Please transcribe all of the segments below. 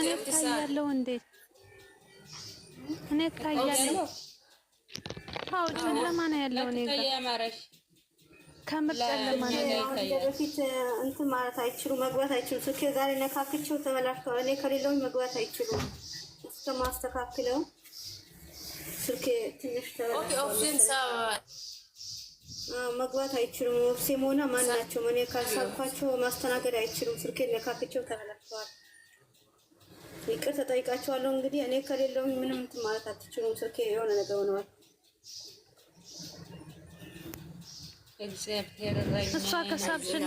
እኔ እታያለሁ እንዴ? እኔ እታያለሁ። አዎ ጨለማ ነው ያለው። እኔ ከምር ጨለማ ነው ያለው። በፊት እንትን ማለት አይችሉም፣ መግባት አይችሉም። ስልኬ ዛሬ ነካክቼው ተበላሽቷል። እኔ ከሌለውኝ መግባት አይችሉም። እስከማስተካክለው ስልኬ ትንሽ ተበላሽቷል። መግባት አይችሉም። ኦፍሴም ሆነ ማናቸውም እኔ ማስተናገድ አይችሉም። ስልኬ ነካክቼው ተበላሽቷል። ይቅር ተጠይቃችኋለሁ። እንግዲህ እኔ ከሌለው ምንም ማለት አትችሉም። ስልክ የሆነ ነገር ሆነዋል። እሷ ከሳብሽን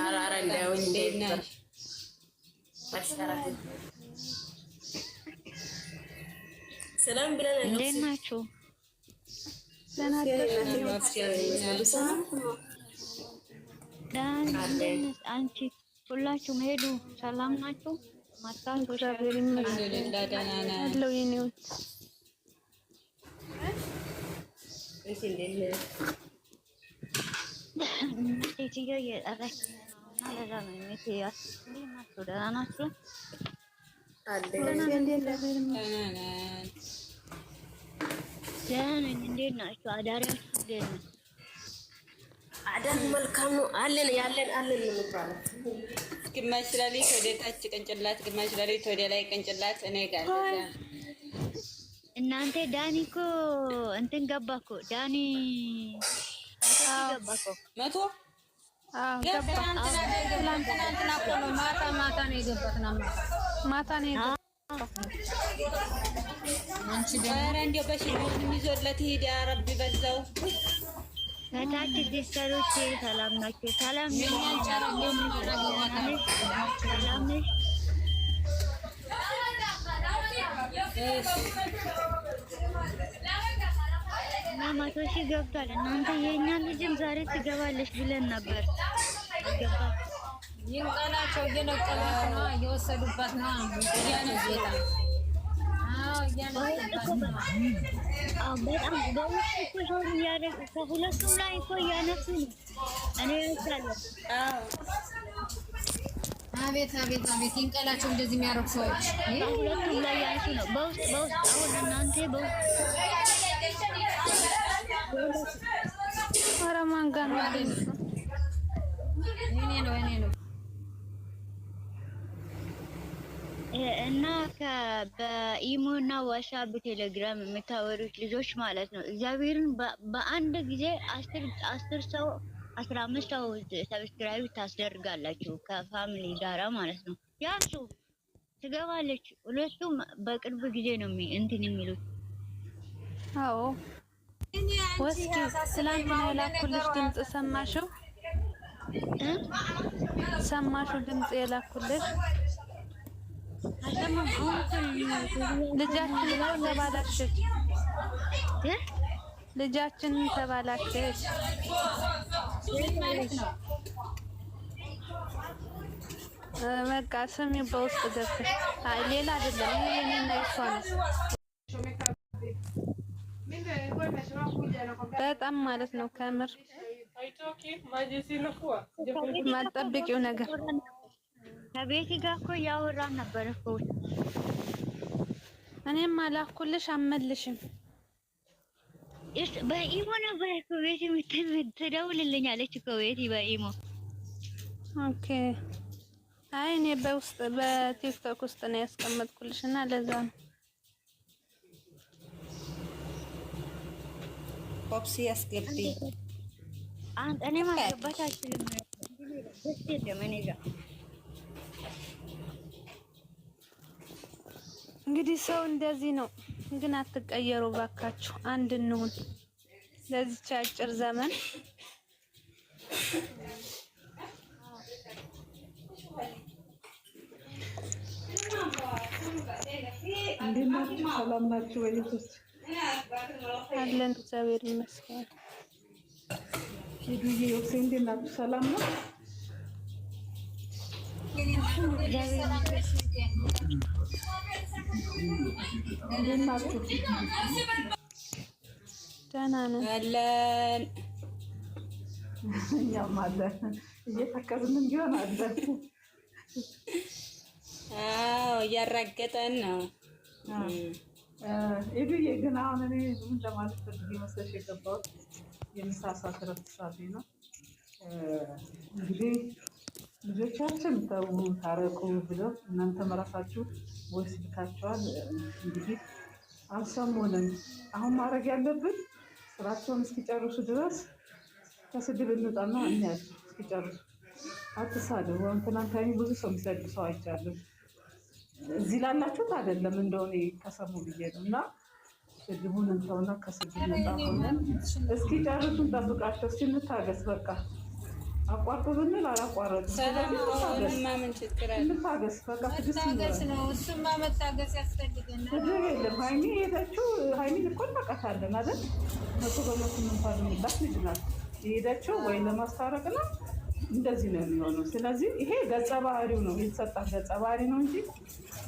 ሰላም ብለን እንዴት ናችሁ? አንቺ ሁላችሁም ሄዱ ሰላም ናችሁ? ማጣን እግዚአብሔር ይመስገን ደህና ነህ አለው የኔ ውድ እሺ እንዴት ነህ ሴትዮ እየጠራች እና ለዛ ነው እኔ ሲያስ እንዴት ናችሁ ደህና ናችሁ አለ እንዴት ናችሁ አዳሪዎች እንዴት ነው አዳር መልካም ነው አለን ያለን አለን ነው የሚባለው ግማሽ ሌሊት ወደ ታች ቅንጭላት፣ ግማሽ ሌሊት ወደ ላይ ቅንጭላት። እኔ ጋር እናንተ ዳኒ እኮ እንትን ገባ እኮ ዳኒ መቶ ማታ ማታ ነው የገባት ማታ ነው የገባት አንቺ እንደው በሽልሙን የሚዞለት ሂድ ያ ረቢ በዛው ከታች ሲስተሮች ሰላም ናቸው? ሰላም ነሽ? ሰላም ነሽ? እና መቶ ሺህ ገብቷል። እናንተ የእኛ ልጅም ዛሬ ትገባለች ብለን ነበር። ይንቀላቸው፣ እየነቀሏት ነው፣ እየወሰዱባት ነው። በጣም ሰው ከሁለቱም ላይ እኮ እያነሱ ነው። እኔ አቤት አቤት አቤት! ይንቀላቸው እንደዚህ የሚያደርጉ ሰዎች ሁለቱም ላይ ያንሱ ነው። በውስጥ በውስጥ አሁን እናንተ በውስጥ ኧረ ማን ጋር ነው? እኔ ነው እኔ ነው እና በኢሞና ዋትስአፕ ቴሌግራም የምታወሩት ልጆች ማለት ነው እግዚአብሔርን በአንድ ጊዜ አስር ሰው አስራ አምስት ሰው ሰብስክራይብ ታስደርጋላችሁ ከፋሚሊ ጋራ ማለት ነው። ያሱ ትገባለች። ሁለቱም በቅርብ ጊዜ ነው እንትን የሚሉት። አዎ ወስኪ ስላንትና የላኩልሽ ድምፅ ሰማሽው? ሰማሽው የላኩልሽ ልጃችን ተባላችሽ፣ ልጃችን ተባላችሽ። በቃ ስሚ፣ በውስጥ ገብተሽ አይ፣ ሌላ አይደለም። ይሄ የኔና የሷ ነው። በጣም ማለት ነው ከምር ማጠብቂው ነገር ከቤቲ ጋር እኮ እያወራን ነበር እኮ። እኔም አላኩልሽ አመልሽም። በኢሞ ነበር እኮ ቤቲ ትደውልልኛለች እኮ ቤቲ በኢሞ ኦኬ። አይ እኔ በውስጥ በቲክቶክ ውስጥ ነው ያስቀመጥኩልሽ እና ለዛ ነው። ፖፕሲ አስገብኝ። እኔ ማገባት አልችልም። ደስ የለም እኔ ጋር እንግዲህ ሰው እንደዚህ ነው። ግን አትቀየሩ ባካችሁ፣ አንድ እንሁን ለዚች አጭር ዘመን ሰላም ናችሁ ወይ? አለን እግዚአብሔር ይመስገን። ዱዬ ዮሴ እንዴት ናችሁ? ሰላም ነው። ደህና ነን አለን። እኛም አለን እየተከዝንም ቢሆን አለን። አዎ እያራገጠን ነው። ኢዱዬ ግን አሁን እኔ ምን ለማለት ፈልጌ መሰለሽ የገባሁት የምሳ ሰዓት እረፍት ሰዓቴ ነው እንግዲህ ልጆቻችን ተዉ ታረቁ ብለው እናንተ መራሳችሁ ወይስ ልካቸዋል። እንግዲህ አልሰሙንም። አሁን ማድረግ ያለብን ስራቸውን እስኪጨርሱ ድረስ ከስድብ እንውጣና እንያቸው እስኪጨርሱ። አትሳደቡ። አሁን ትናንት ብዙ ሰው የሚሰድብ ሰው አይቻልም። እዚህ ላላችሁት አይደለም እንደሆነ ከሰሙ ብዬ ነው እና ስድቡን እንተውና ከስድብ ነጣ ሆነን እስኪጨርሱ እንጠብቃቸው። እስኪ እንታገስ በቃ አቋርጡ ብንል አላቋረጥም። እንታገስ፣ በቃ መታገስ ነው። እሱማ መታገስ ያስፈልገናል። የለም ሀይሚ የሄደችው ሀይሚ ልኮን በቃታለን አይደል? መቶ በመቶ እንኳን የሚላት ልጅ ናት። የሄደችው ወይ ለማስታረቅ ነው፣ እንደዚህ ነው የሚሆነው። ስለዚህ ይሄ ገጸ ባህሪው ነው የተሰጣት ገጸ ባህሪ ነው እንጂ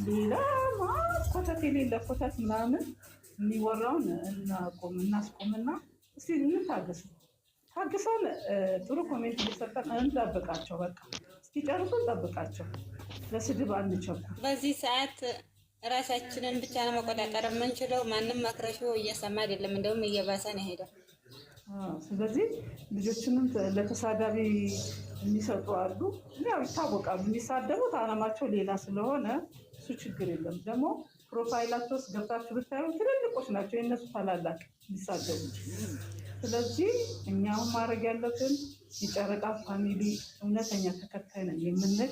ሌላ ማለት ኮተት የሌለ ኮተት ምናምን የሚወራውን እናቆም እናስቆምና እስኪ እንታገስ ነው ታግሰን ጥሩ ኮሜንት ሊሰጠን እንጠብቃቸው። በቃ እስኪጨርሱ እንጠብቃቸው። ለስድብ አንቸኩል። በዚህ ሰዓት ራሳችንን ብቻ ነው መቆጣጠር የምንችለው። ማንም መክረሹ እየሰማ አይደለም፣ እንደውም እየባሰ ነው ሄደው። ስለዚህ ልጆችንም ለተሳዳቢ የሚሰጡ አሉ። ያው ይታወቃሉ፣ የሚሳደቡት አላማቸው ሌላ ስለሆነ እሱ ችግር የለም። ደግሞ ፕሮፋይላቸው ውስጥ ገብታችሁ ብታዩ ትልልቆች ናቸው የእነሱ ታላላቅ የሚሳደቡት ስለዚህ እኛውን ማድረግ ያለብን የጨረቃ ፋሚሊ እውነተኛ ተከታይ ነን የምንል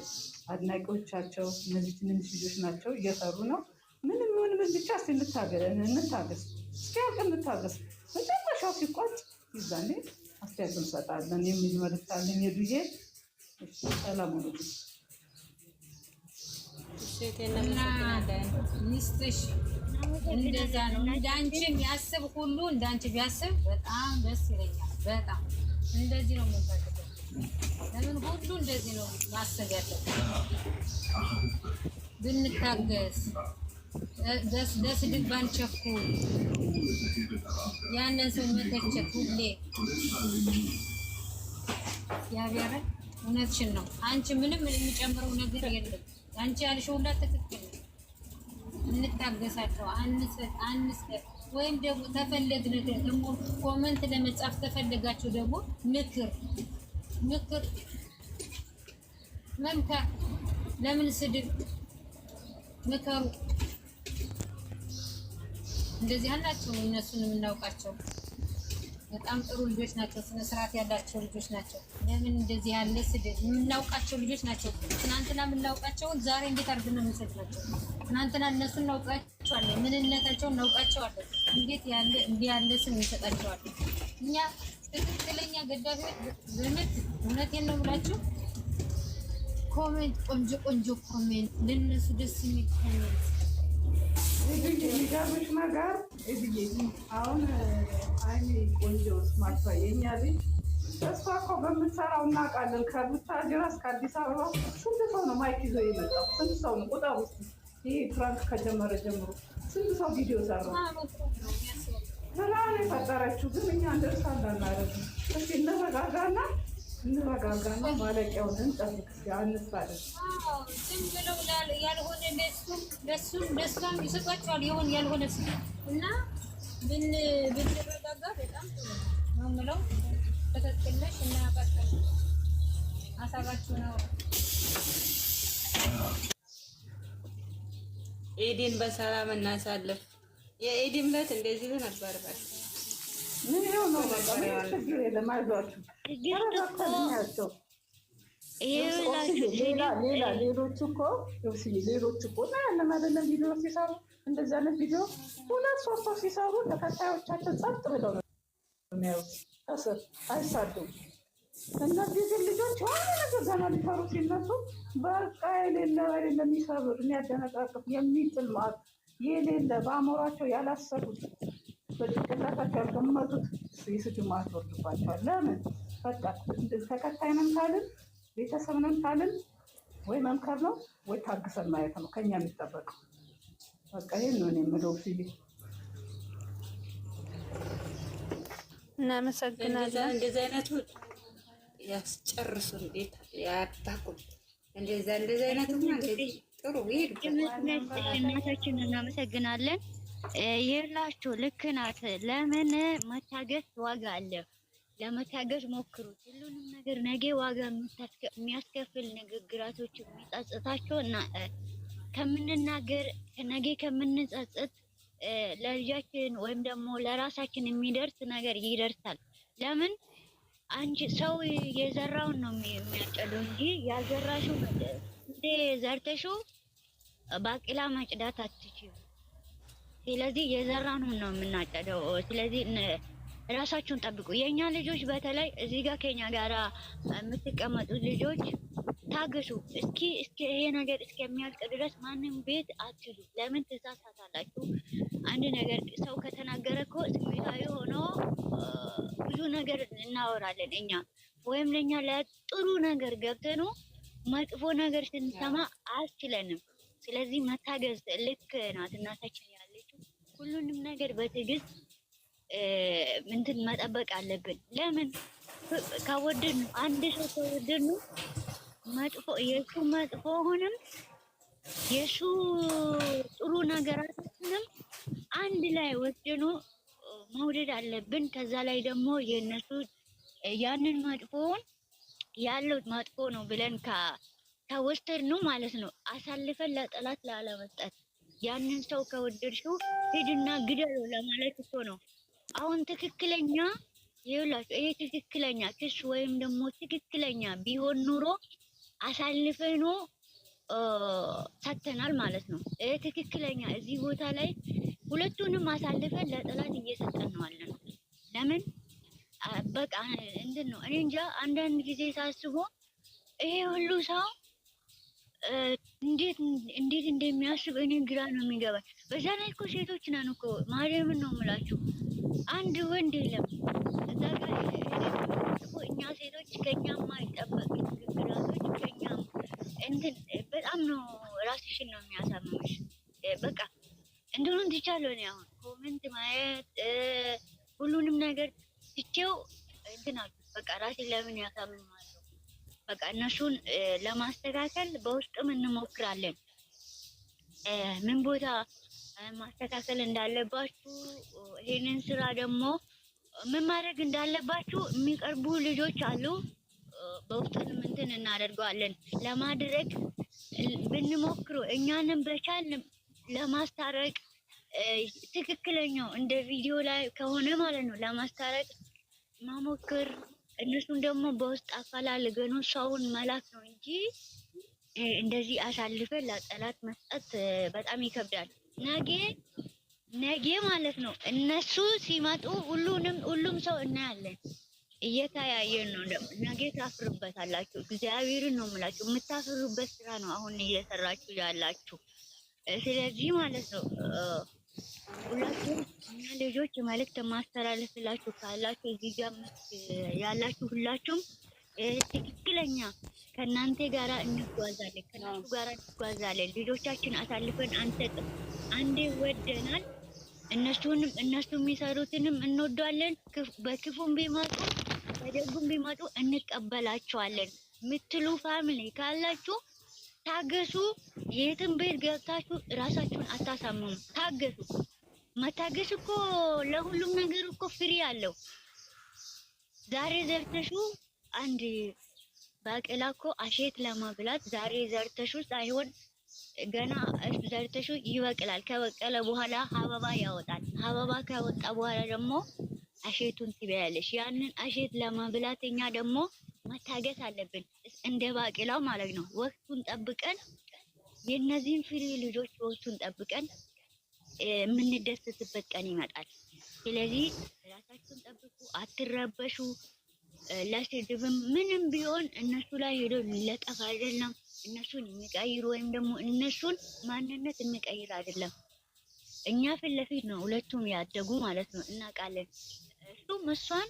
አድናቂዎቻቸው እነዚህ ትንንሽ ልጆች ናቸው፣ እየሰሩ ነው። ምንም ሆን ምን ብቻ ስ እንታገስ፣ እስኪያልቅ እንታገስ። መጨረሻው ሲቋጭ ይዛኔ አስተያየት እንሰጣለን የሚል መልዕክት አለኝ። የዱዬ ሰላም ሆኖ ሚስትሽ እንደዛ ነው። እንዳንቺ የሚያስብ ሁሉ እንዳንቺ ቢያስብ በጣም ደስ ይለኛል። በጣም እንደዚህ ነው የምንፈልገው። ለምን ሁሉ እንደዚህ ነው ማሰብ ያለብን። ብንታገስ፣ በስድብ ባንቸኩል፣ ያንን ሰው መተቸት ሁሌ ያቢያረ እውነትሽን ነው። አንቺ ምንም የሚጨምረው ነገር የለም። አንቺ ያልሽው ሁላ ትክክል እንታገሳቸው፣ አንስጠት ወይም ደግሞ ተፈለግነ ደግሞ ኮመንት ለመጻፍ ተፈለጋቸው ደግሞ ምክር ምክር መምከር ለምን ስድብ ምከሩ። እንደዚህ አላቸው እነሱን የምናውቃቸው በጣም ጥሩ ልጆች ናቸው። ስነ ስርዓት ያላቸው ልጆች ናቸው። ለምን እንደዚህ ያለ ስድብ የምናውቃቸው ልጆች ናቸው። ትናንትና የምናውቃቸውን ዛሬ እንዴት አድርገን ነው የምንሰድባቸው? ትናንትና እነሱ እናውቃቸዋለን፣ ምንነታቸው እናውቃቸዋለን። እንዴት ያለ እንዲህ ያለ ስም እንሰጣቸዋለን? እኛ ትክክለኛ ገዳፊዎች በእውነት እውነቴን ነው ብላችሁ ኮሜንት፣ ቆንጆ ቆንጆ ኮሜንት፣ ለነሱ ደስ የሚል ኮሜንት ጋር አሁን ቆንጆ ስማርቷ የኛ ልጅ እሷ እኮ በምትሰራው እናውቃለን። ከቡታጅራ እስከ አዲስ አበባ ስንት ሰው ነው ማይክ ይዞ የመጣው? ስንት ሰው ነው ቁጠሩ። ይህ ፕራንክ ከጀመረ ጀምሮ ስንት ሰው ቪዲዮ ሰራ። ስራን የፈጠረችው ግን እኛ እንደርሳ እንዳናደርግ እስኪ እንረጋጋና እንረጋጋና ማለቂያውን እንጠብቅ። አንሳለን ዝም ብለው ያልሆነ ለሱም ለሷም ይሰጧቸዋል። የሆን ያልሆነ እና ብን ቢጠጋ በጣም ነው የምለው። ትክክል ነሽ በሰላም እናሳልፍ። የኤዲም ዕለት እንደዚህ ነበር። በቃ ምን ነው እኮ ሌሎች እኮ ና ያለም አይደለም ቪዲዮ ሲሰሩ እንደዚህ አይነት ቪዲዮ ሁለት ሶስት ሰው ሲሰሩ ተከታዮቻቸው ጸጥ ብለው ነው የሚያዩት። እስር አይሳዱም። እነዚህ ግን ልጆች የሆነ ነገር ገና ሊሰሩ ሲነሱ በቃ የሌለ የሌለ የሚሰብር የሚያደነቃቅፍ የሚጥል ማለት የሌለ በአእምሯቸው ያላሰቡት በጭንቅላታቸው ያልገመቱት የስድብ ማለት ወርድባቸዋል። ለምን በቃ ተከታይ ነን ካልን ቤተሰብ ነን ካልን ወይ መምከር ነው ወይ ታግሰን ማየት ነው ከኛ የሚጠበቀው። በቃ ይሄን ነው የምለው። ፍዬ እናመሰግናለን። እንደዚህ አይነቱ ያስጨርሱን ቤት ያታቁም። እንደዛ እንደዚህ አይነቱ ጥሩ ይሄድ እናመሰግናለን። ይላችሁ ልክ ናት። ለምን መታገስ ዋጋ አለ። ለመታገስ ሞክሩት። ሁሉንም ነገር ነገ ዋጋ የሚያስከፍል ንግግራቶች የሚጸጽታቸው እና ከምንናገር ነገ ከምንጸጸት ለልጃችን ወይም ደግሞ ለራሳችን የሚደርስ ነገር ይደርሳል። ለምን አንቺ ሰው የዘራውን ነው የሚያጨደው እንጂ ያልዘራሽው እንደ ዘርተሽው ባቂላ ማጭዳት አትችይም። ስለዚህ የዘራውን ነው የምናጨደው። ስለዚህ ራሳችሁን ጠብቁ። የእኛ ልጆች በተለይ እዚህ ጋር ከኛ ጋራ የምትቀመጡ ልጆች ታገሱ። እስኪ እስኪ ይሄ ነገር እስከሚያልቅ ድረስ ማንም ቤት አትሉ። ለምን ትሳሳታላችሁ? አንድ ነገር ሰው ከተናገረ እኮ ስሜታዊ ሆኖ ብዙ ነገር እናወራለን እኛ ወይም ለእኛ ለጥሩ ነገር ገብተኑ መጥፎ ነገር ስንሰማ አስችለንም። ስለዚህ መታገዝ ልክ ናት እናታችን ያለችው ሁሉንም ነገር በትዕግስት እንትን መጠበቅ አለብን። ለምን ከወደድን አንድ ሰው ከወደድን መጥፎ የእሱ መጥፎ ሆንም የእሱ ጥሩ ነገራቶችንም አንድ ላይ ወስደን መውደድ አለብን። ከዛ ላይ ደግሞ የእነሱ ያንን መጥፎውን ያለው መጥፎ ነው ብለን ከወሰድነው ማለት ነው አሳልፈን ለጠላት ላለመስጠት ያንን ሰው ከወደድሽው ሂድና ግደሉ ለማለት እኮ ነው። አሁን ትክክለኛ ይኸውላችሁ፣ ይሄ ትክክለኛ ክስ ወይም ደግሞ ትክክለኛ ቢሆን ኑሮ አሳልፈኖ ሰተናል ማለት ነው። ይሄ ትክክለኛ እዚህ ቦታ ላይ ሁለቱንም አሳልፈን ለጠላት እየሰጠን ነው አለን። ለምን በቃ እንትን ነው እኔ እንጃ። አንዳንድ ጊዜ ሳስቦ ይሄ ሁሉ ሰው እንዴት እንዴት እንደሚያስብ እኔ ግራ ነው የሚገባኝ። በዛ ላይ እኮ ሴቶች ነን እኮ ማርያምን ነው የምላችሁ አንድ ወንድ የለም እዛ ጋር እኛ ሴቶች ከኛ አይጠበቅ ግግራቶች ከኛ እንትን በጣም ነው ራስሽን ነው የሚያሳምምሽ። በቃ እንደሆን ትቻለሁ እኔ አሁን ኮመንት ማየት ሁሉንም ነገር ትቼው እንትን አሉ በቃ ራሴ ለምን ያሳምማለሁ? በቃ እነሱን ለማስተካከል በውስጥም እንሞክራለን ምን ቦታ ማስተካከል እንዳለባችሁ ይህንን ስራ ደግሞ ምን ማድረግ እንዳለባችሁ የሚቀርቡ ልጆች አሉ። በውስጥም እንትን እናደርገዋለን ለማድረግ ብንሞክሩ እኛንም በቻልንም ለማስታረቅ ትክክለኛው እንደ ቪዲዮ ላይ ከሆነ ማለት ነው ለማስታረቅ መሞክር እነሱን ደግሞ በውስጥ አፈላልገን ሰውን መላክ ነው እንጂ እንደዚህ አሳልፈን ለጠላት መስጠት በጣም ይከብዳል። ነገ ነገ ማለት ነው እነሱ ሲመጡ ሁሉንም ሁሉም ሰው እናያለን። እየተያየን ነው። ደግሞ ነገ ታፍርበታላችሁ። እግዚአብሔርን ነው የምላችሁ። የምታፍሩበት ስራ ነው አሁን እየሰራችሁ ያላችሁ። ስለዚህ ማለት ነው ሁላችሁም እኛ ልጆች መልእክት ማስተላለፍላችሁ ካላችሁ እዚህ ጋር ያላችሁ ሁላችሁም ትክክለኛ ከእናንተ ጋር እንጓዛለን፣ ከእናንተ ጋር እንጓዛለን፣ ልጆቻችን አሳልፈን አንሰጥም። አንዴ ወደናል። እነሱንም እነሱ የሚሰሩትንም እንወዷለን። በክፉም ቢመጡ በደጉም ቢመጡ እንቀበላቸዋለን ምትሉ ፋሚሊ ካላችሁ ታገሱ። የትም ቤት ገብታችሁ ራሳችሁን አታሳምሙ። ታገሱ። መታገስ እኮ ለሁሉም ነገር እኮ ፍሬ አለው። ዛሬ ዘርተሹ አንድ ባቄላ እኮ አሼት ለማብላት ዛሬ ዘርተሹ ሳይሆን ገና ዘርተሹ ይበቅላል። ከበቀለ በኋላ አበባ ያወጣል። አበባ ከወጣ በኋላ ደግሞ አሼቱን ትበያለሽ። ያንን አሼት ለማብላት እኛ ደግሞ መታገስ አለብን፣ እንደ ባቄላው ማለት ነው። ወቅቱን ጠብቀን የእነዚህን ፍሬ ልጆች ወቅቱን ጠብቀን የምንደሰትበት ቀን ይመጣል። ስለዚህ ራሳችሁን ጠብቁ፣ አትረበሹ። ለስድብም ምንም ቢሆን እነሱ ላይ ሄዶ ሊለጠፍ አይደለም። እነሱን የሚቀይር ወይም ደግሞ እነሱን ማንነት የሚቀይር አይደለም። እኛ ፊት ለፊት ነው ሁለቱም ያደጉ ማለት ነው። እናውቃለን። እሱም እሷን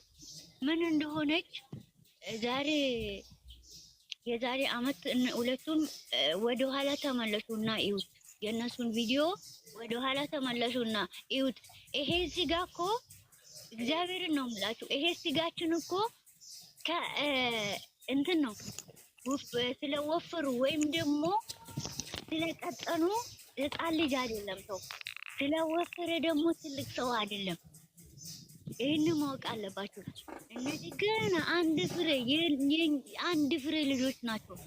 ምን እንደሆነች ዛሬ የዛሬ አመት ሁለቱም ወደኋላ ተመለሱና ይዩት። የእነሱን ቪዲዮ ወደኋላ ተመለሱና ይዩት። ይሄ ስጋ እኮ እግዚአብሔርን ነው የምላችሁ። ይሄ ስጋችን እኮ እንትን ነው ስለወፍሩ ወይም ደግሞ ስለቀጠኑ ህፃን ልጅ አይደለም ሰው ስለወፈረ ደግሞ ትልቅ ሰው አይደለም። ይህን ማወቅ አለባቸው። እነዚህ ግን አንድ ፍሬ አንድ ፍሬ ልጆች ናቸው።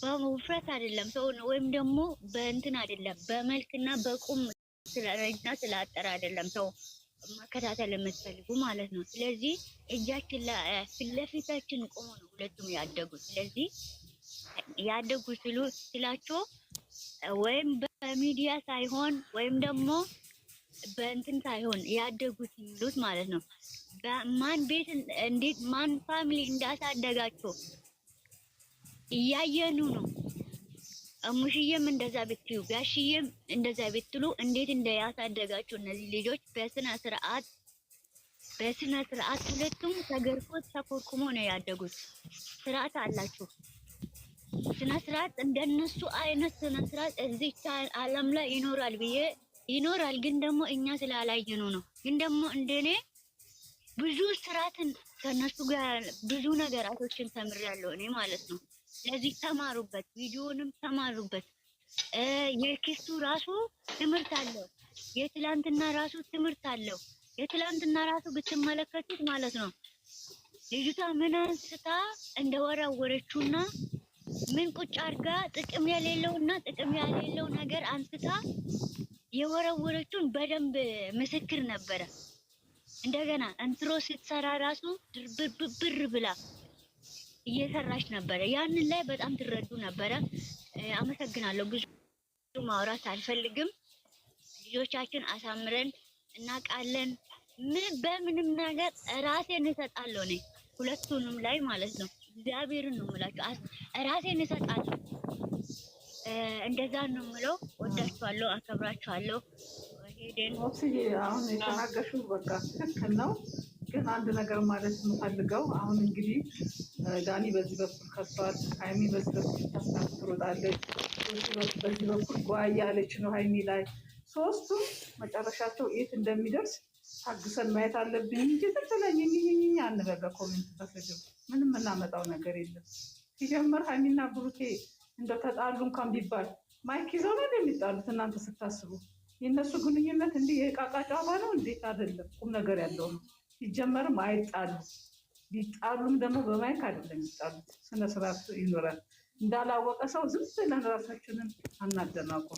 በውፍረት አይደለም ሰው ወይም ደግሞ በእንትን አይደለም በመልክና በቁም ስለረጅና ስለአጠር አይደለም ሰው መከታተል የምትፈልጉ ማለት ነው። ስለዚህ እጃችን ፊት ለፊታችን ቆሞ ነው ሁለቱም ያደጉት። ስለዚህ ያደጉ ስሉ ስላቸው ወይም በሚዲያ ሳይሆን ወይም ደግሞ በእንትን ሳይሆን ያደጉት የሚሉት ማለት ነው። ማን ቤት እንዴት ማን ፋሚሊ እንዳሳደጋቸው እያየኑ ነው። ሙሽየም እንደዛ ብትዩ ጋሽዬም እንደዛ ብትሉ እንዴት እንደያሳደጋችሁ እነዚህ ልጆች በስነ ስርዓት በስነ ስርዓት ሁለቱም ተገርፎ ተኮርኩሞ ነው ያደጉት። ስርዓት አላችሁ። ስነ ስርዓት እንደነሱ አይነት ስነ ስርዓት እዚህ ዓለም ላይ ይኖራል ብዬ ይኖራል፣ ግን ደግሞ እኛ ስላላየኑ ነው። ግን ደግሞ እንደኔ ብዙ ስርዓትን ከነሱ ጋር ብዙ ነገራቶችን ተምሬያለሁ እኔ ማለት ነው። ለዚህ ተማሩበት፣ ቪዲዮንም ተማሩበት። የኪሱ ራሱ ትምህርት አለው። የትላንትና ራሱ ትምህርት አለው። የትላንትና ራሱ ብትመለከቱት ማለት ነው ልጅቷ ምን አንስታ እንደወራወረችውና ምን ቁጭ አድርጋ ጥቅም የሌለውና ጥቅም የሌለው ነገር አንስታ የወረወረችውን በደንብ ምስክር ነበረ። እንደገና እንትሮ ስትሰራ ራሱ ድርብብብር ብላ እየሰራች ነበረ። ያንን ላይ በጣም ትረዱ ነበረ። አመሰግናለሁ። ብዙ ማውራት አልፈልግም። ልጆቻችን አሳምረን እናቃለን ምን በምንም ነገር ራሴን እሰጣለሁ እኔ ሁለቱንም ላይ ማለት ነው። እግዚአብሔርን ነው የምላችሁ። ራሴን እሰጣለሁ። እንደዛ ነው የምለው። ወዳችኋለሁ፣ አከብራችኋለሁ። ሄደን አሁን የተናገሹ በቃ ትክክል ነው። ግን አንድ ነገር ማለት የምፈልገው አሁን እንግዲህ ዳኒ በዚህ በኩል ከቷል፣ ሀይሚ በዚህ በኩል ታስታፍ በዚህ በኩል ጓ ነው ሀይሚ ላይ። ሶስቱም መጨረሻቸው የት እንደሚደርስ ታግሰን ማየት አለብኝ እንጂ ተተለኝኝኝኝ አንበጋ ኮሜንት ተፈጅም ምንም እናመጣው ነገር የለም። ሲጀምር ሀይሚና ብሩኬ እንደ ተጣሉ እንኳን ቢባል ማይክ ይዘው ነው እንደሚጣሉት እናንተ ስታስቡ። የእነሱ ግንኙነት እንዲህ የቃቃ ጨዋታ ነው እንዴት? አይደለም፣ ቁም ነገር ያለው ነው። ሲጀመርም አይጣሉ ቢጣሉም ደግሞ በማይክ አይደለም የሚጣሉት፣ ስነስርዓት ይኖራል። እንዳላወቀ ሰው ዝም ብለን ራሳችንን አናደናቁ።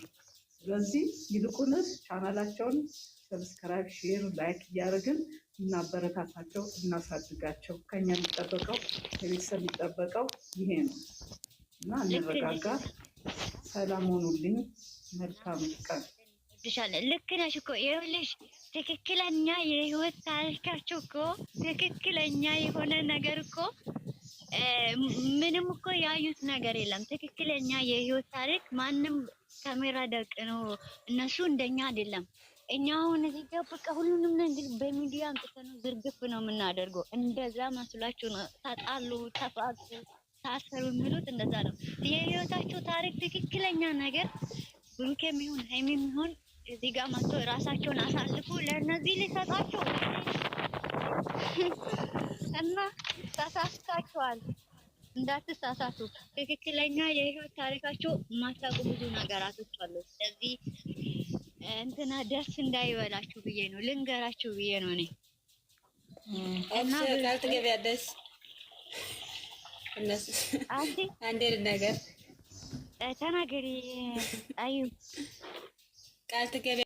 ስለዚህ ይልቁንስ ቻናላቸውን ሰብስክራይብ፣ ሼር፣ ላይክ እያደረግን እናበረታታቸው፣ እናሳድጋቸው። ከኛ የሚጠበቀው ከቤተሰብ የሚጠበቀው ይሄ ነው እና እንረጋጋ። ሰላም ሆኑልኝ። መልካም ቀን እንወድሻለን። ልክ ነሽ እኮ ይኸውልሽ፣ ትክክለኛ የህይወት ታሪካችሁ እኮ ትክክለኛ የሆነ ነገር እኮ ምንም እኮ ያዩት ነገር የለም። ትክክለኛ የህይወት ታሪክ ማንም ካሜራ ደቅ ነው። እነሱ እንደኛ አይደለም። እኛ አሁን እዚህ ጋር በቃ ሁሉንም ነገር በሚዲያ አምጥተን ዝርግፍ ነው የምናደርገው። እንደዛ መስሏችሁ ነው ተጣሉ፣ ተፋቱ፣ ታሰሩ የሚሉት እንደዛ ነው። የህይወታቸው ታሪክ ትክክለኛ ነገር ብሩኬም የሚሆን ሀይሚም የሚሆን እዚህ ጋር መጥቶ ራሳቸውን አሳልፎ ለእነዚህ ሊሰጣቸው እና ተሳስታችኋል። እንዳትሳሳቱ። ትክክለኛ የህይወት ታሪካቸው ማታቁ ብዙ ነገራቶች አሉ። ስለዚህ እንትና ደስ እንዳይበላችሁ ብዬ ነው ልንገራችሁ ብዬ ነው እኔ እና ትገቢያለሽ እነሱ አንዴ ነገር ተናገሪ አዩ ቃል